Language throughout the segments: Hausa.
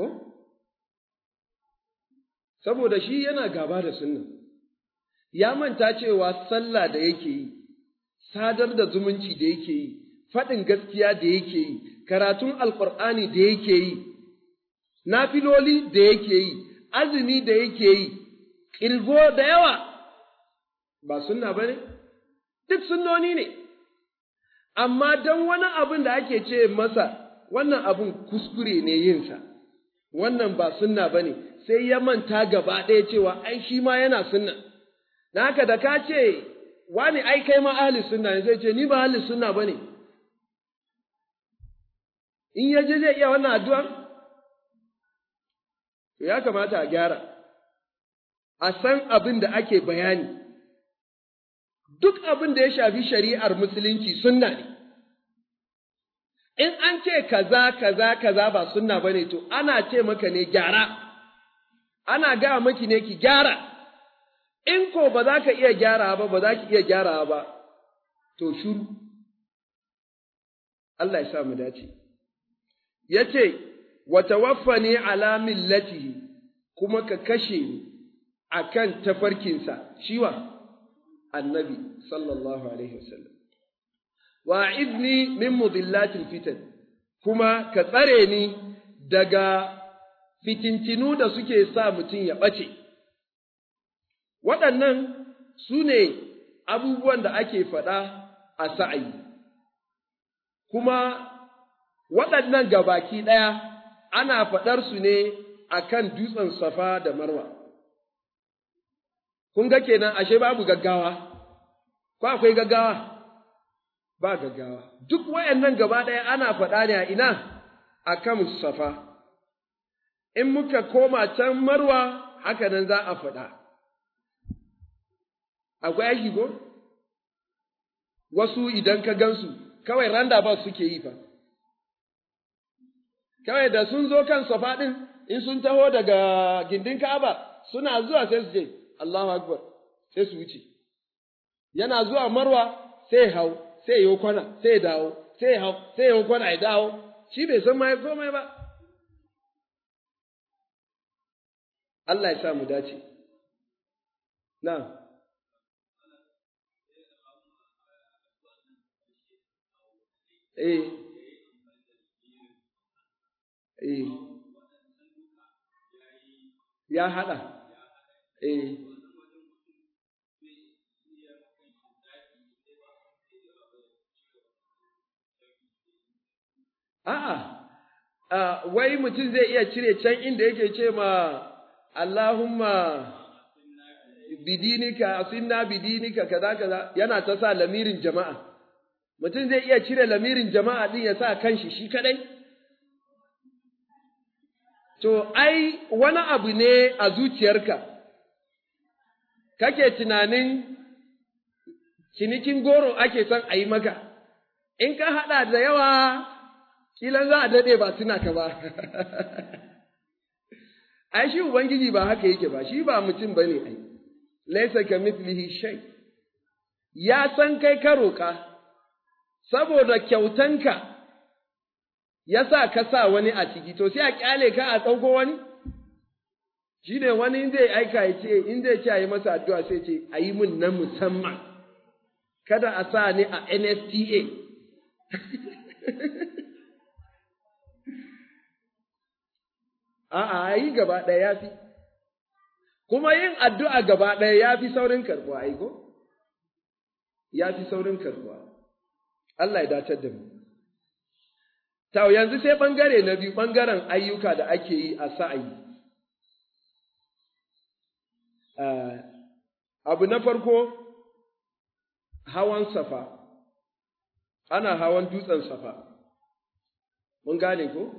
Ko? Saboda shi yana gaba da sunna. Ya manta cewa sallah da yake yi, sadar da zumunci da yake yi, faɗin gaskiya da yake yi, karatun alƙur'ani da yake yi, nafiloli da yake yi, azumi da yake yi, ƙirgo da yawa ba sunna ba ne? Duk sunnoni ne, amma don wani abin da ake ce masa wannan abin kuskure ne yinsa, wannan ba sunna ba ne, sai ya manta gaba ɗaya cewa ai shi ma yana sunna. Na haka da ka ce, wani ai kai ma ahli sunna ne, sai ce ni ba ahli sunna ba ne. In ya je zai iya wannan addu'ar? To ya kamata a gyara, a san abin da ake bayani. Duk abin da ya shafi shari'ar musulunci sunna ne. in an ce kaza kaza kaza ba sunna bane to ana ce maka ne gyara ana gaya maki ne ki gyara in ko ba za ka iya gyara ba ba za ki iya gyara ba to shuru Allah ya sa mu dace yace wa tawaffani ala millatihi kuma ka kashe ni akan tafarkinsa shiwa annabi sallallahu alaihi wasallam wa izni min mudillatin fitan kuma ka tsare ni daga fitintinu da suke sa mutum ya ɓace. Waɗannan su ne abubuwan da ake faɗa a sa'ayi, kuma waɗannan gabaki ɗaya ana faɗar su ne a kan dutsen safa da marwa. Kun ga kenan ashe babu gaggawa, ko akwai gaggawa? ba gaggawa duk wayannan gaba ɗaya ana faɗa ne a ina a kan safa in muka koma can marwa haka nan za a faɗa akwai aiki ko wasu idan ka gansu kawai randa ba suke yi fa kawai da sun zo kan safa ɗin in sun taho daga gindin ka'aba suna zuwa sai su je Allahu Akbar sai su wuce yana zuwa marwa sai hau sai ya kwana sai dawo sai ya hau sai ya kwana ya dawo shi bai san ma komai ba Allah ya sa mu dace na'am eh eh ya hada eh A'a, wai mutum zai iya cire can inda yake ce ma Allahumma bidinika, asinna bidinika kaza kaza yana ta sa lamirin jama'a. Mutum zai iya cire lamirin jama'a ɗin ya sa kanshi shi kaɗai? To, ai, wani abu ne a zuciyarka, kake tunanin cinikin goro ake son a yi maka, in ka haɗa da yawa kilan za a daɗe ba tuna ka ba. Ai, shi Ubangiji ba haka yake ba, shi ba mutum ba ne ai, laisa ka mitlihi shai, ya san kai ka roƙa, saboda kyautanka ya sa ka sa wani a ciki, to sai a ƙyale ka a ɗauko wani? Shi ne wani zai aika ya ce, in zai ce a yi masa addu'a sai ce, a yi min na musamman, kada a sa ni a NSTA. a'a yi gaba ɗaya ya fi, kuma yin addu'a gaba ɗaya ya fi saurin karɓuwa, aiko? Ya fi saurin karɓuwa, Allah ya dace da mu. Ta yanzu sai ɓangare na biyu ɓangaren ayyuka da ake yi a sa'ayi. Eh, abu na farko, hawan safa, ana hawan dutsen safa, mun gane ko?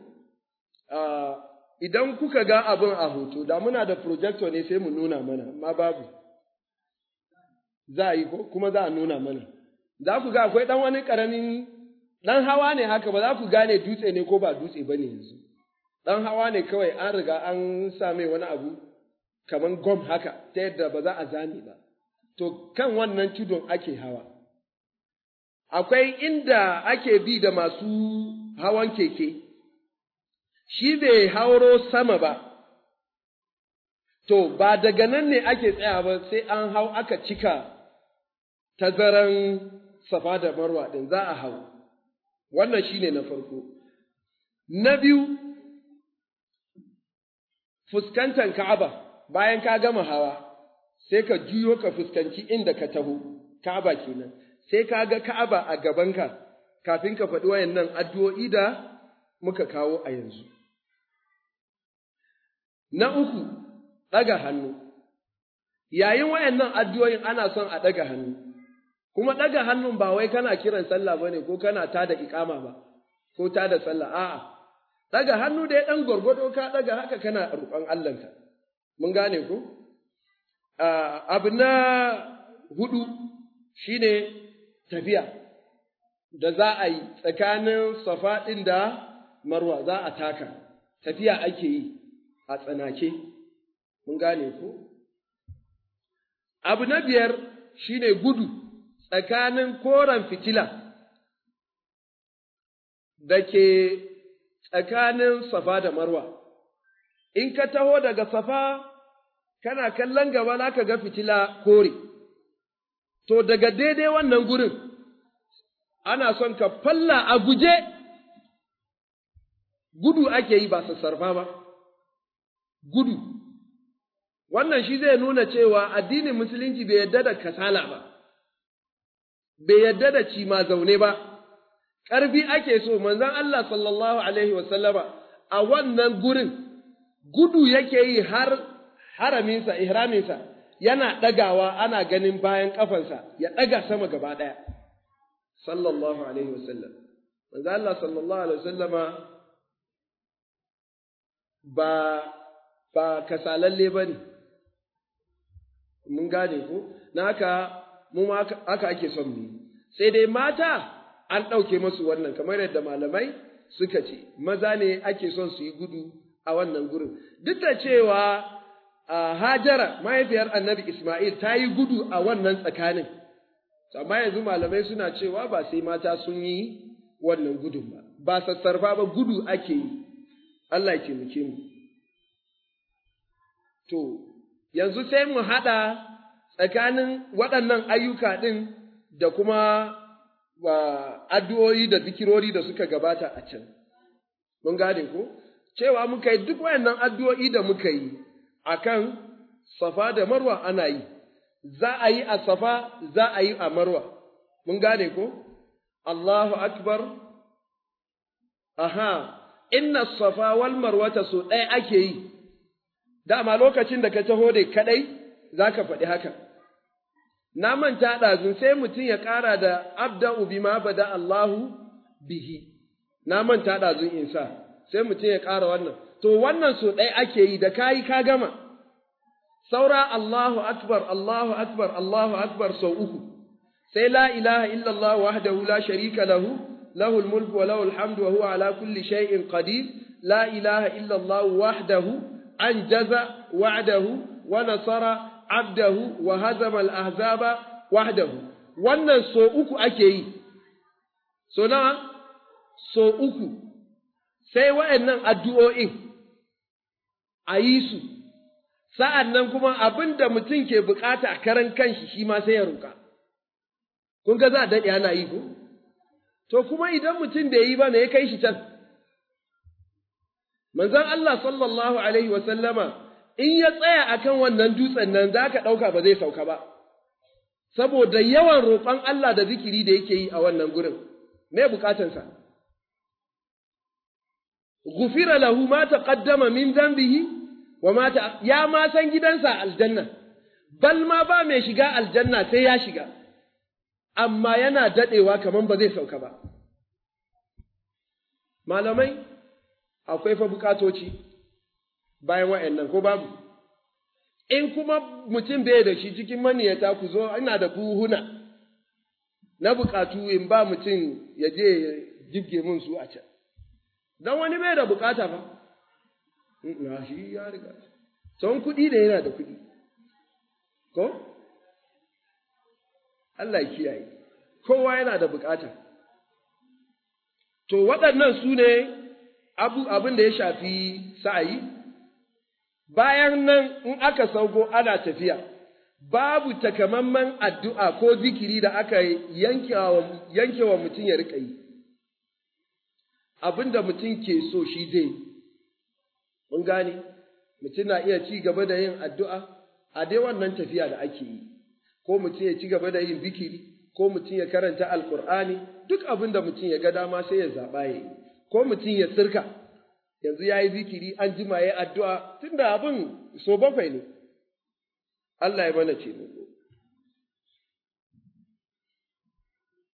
Ah, idan kuka ga abin a hoto da muna da projector ne sai mu nuna mana ma babu za a yi kuma za a nuna mana za ku ga akwai ɗan wani ƙaramin ɗan hawa ne haka ba za ku gane dutse ne ko ba dutse ba ne yanzu ɗan hawa ne kawai an riga an sa mai wani abu kamar gom haka ta yadda ba za a zane ba to kan wannan tudun ake hawa akwai inda ake bi da masu hawan keke shi bai hauro sama ba, to, ba daga nan ne ake tsaya ba sai an hau aka cika tazaran safa da marwa ɗin za a hau, wannan shi ne na farko. Na biyu, fuskantar Ka'aba, bayan ka gama hawa, sai ka juyo ka fuskanci inda ka taho, Ka'aba kenan, sai ka ga Ka'aba a gabanka, kafin ka faɗi wayan nan addu'o'i da muka kawo a yanzu. Na uku, ɗaga hannu. Yayin wayannan addu'o'in ana son a ɗaga hannu, kuma ɗaga hannun ba wai kana kiran sallah ba ne ko kana tada iƙama ba, ko tada sallah, a'a. Ɗaga hannu da ya ɗan gwargwado ka ɗaga haka kana roƙon Allahnka. Mun gane ku? Abu na hudu shi ne tafiya da za a yi tsakanin safa ɗin da marwa za a taka, tafiya ake yi. a tsanake, mun gane ku? Abu na biyar shi ne gudu tsakanin koren fitila da ke tsakanin safa da marwa. In ka taho daga safa, kana kallon gaba za ka ga fitila kore, to daga daidai wannan gurin, ana son ka falla a guje, gudu ake yi ba sassarfa ba. gudu. Wannan shi zai nuna cewa addinin musulunci bai yadda da kasala ba, bai yadda da cima zaune ba, ƙarfi ake so manzan Allah sallallahu Alaihi wasallama a wannan gurin gudu yake yi har haraminsa, ihraminsa, yana ɗagawa ana ganin bayan ƙafansa, ya ɗaga sama gaba ɗaya. Sallallahu Alaihi wasallam. Manzan Allah sallallahu Alaihi wasallama ba ba kasalalle ba ne, mun gane ko, na haka mu haka ake son mu sai dai mata an ɗauke masu wannan kamar yadda malamai suka ce, maza ne ake son su yi gudu a wannan gurin, duk da cewa Hajara mahaifiyar annabi Ismail ta yi gudu a wannan tsakanin, amma yanzu malamai suna cewa ba sai mata sun yi wannan gudun ba, ba sassarfa ba gudu ake yi, Allah ke muke mu. To, yanzu sai mu haɗa tsakanin waɗannan ayyuka ɗin da kuma addu'o'i da zikirori da suka gabata a can. Mun gane ko? Cewa muka yi duk wayannan addu'o'i da muka yi a kan safa da marwa ana yi, za a yi a safa, za a yi a marwa. Mun gane ko? Allahu Akbar, aha, inna safa wal ta so ɗaya ake yi. dama lokacin da ka taho da kaɗai za ka faɗi haka. Na manta ɗazun sai mutum ya ƙara da abda'u bima bada Allahu bihi, na manta ɗazun insa, sai mutum ya ƙara wannan. To wannan so ɗaya ake yi da kayi ka gama, saura Allahu akbar, Allahu akbar, Allahu akbar sau uku, sai la ilaha illallah wahdahu la sharika lahu, lahul mulku wa lahul hamdu wa huwa ala kulli shay'in qadir, la ilaha illallah wahdahu أنجز وعده ونصر wa وهزم الأحزاب وحده wannan so uku ake yi so nawa so uku sai wa'annan addu'o'in a yi su sa'an nan kuma abin da mutum ke bukata karan kanshi shi ma sai ya roƙa kun ga za a daɗe yi ko to kuma idan mutum bai yi ba ne ya kai shi can manzon Allah sallallahu alaihi wa in ya tsaya akan wannan dutsen nan zaka ɗauka ba zai sauka ba saboda yawan roƙon Allah da zikiri da yake yi a wannan gurin me bukatansa gufira lahu ma taqaddama min dhanbihi wa ma ya ma san gidansa aljanna bal ma ba mai shiga aljanna sai ya shiga amma yana daɗewa kamar ba zai sauka ba malamai akwai fa bukatoci bayan wa'annan ko babu in kuma mutum bai da shi cikin maniyata ku zo ina da buhuna na bukatu in ba mutum ya je jibge mun su a can don wani bai da bukata ba mm, na shi ya riga son kuɗi da yana da kuɗi ko Allah kiyaye kowa yana da bukata to waɗannan su ne abin da ya shafi sa'ayi, bayan nan in aka sauko ana tafiya, babu takamamman addu'a ko zikiri da aka yankewa mutum ya riƙa yi, abin da mutum ke so shi zai mun gane, mutum na iya ci gaba da yin addu'a a dai wannan tafiya da ake yi, ko mutum ya ci gaba da yin bikiri, ko mutum ya karanta Alkur'ani, duk abin da mutum ya ga dama sai ya zaɓa ya yi. ko mutum ya sirka, yanzu ya yi zikiri an jima ya addu'a tun da abin so bakwai ne, Allah ya mana ce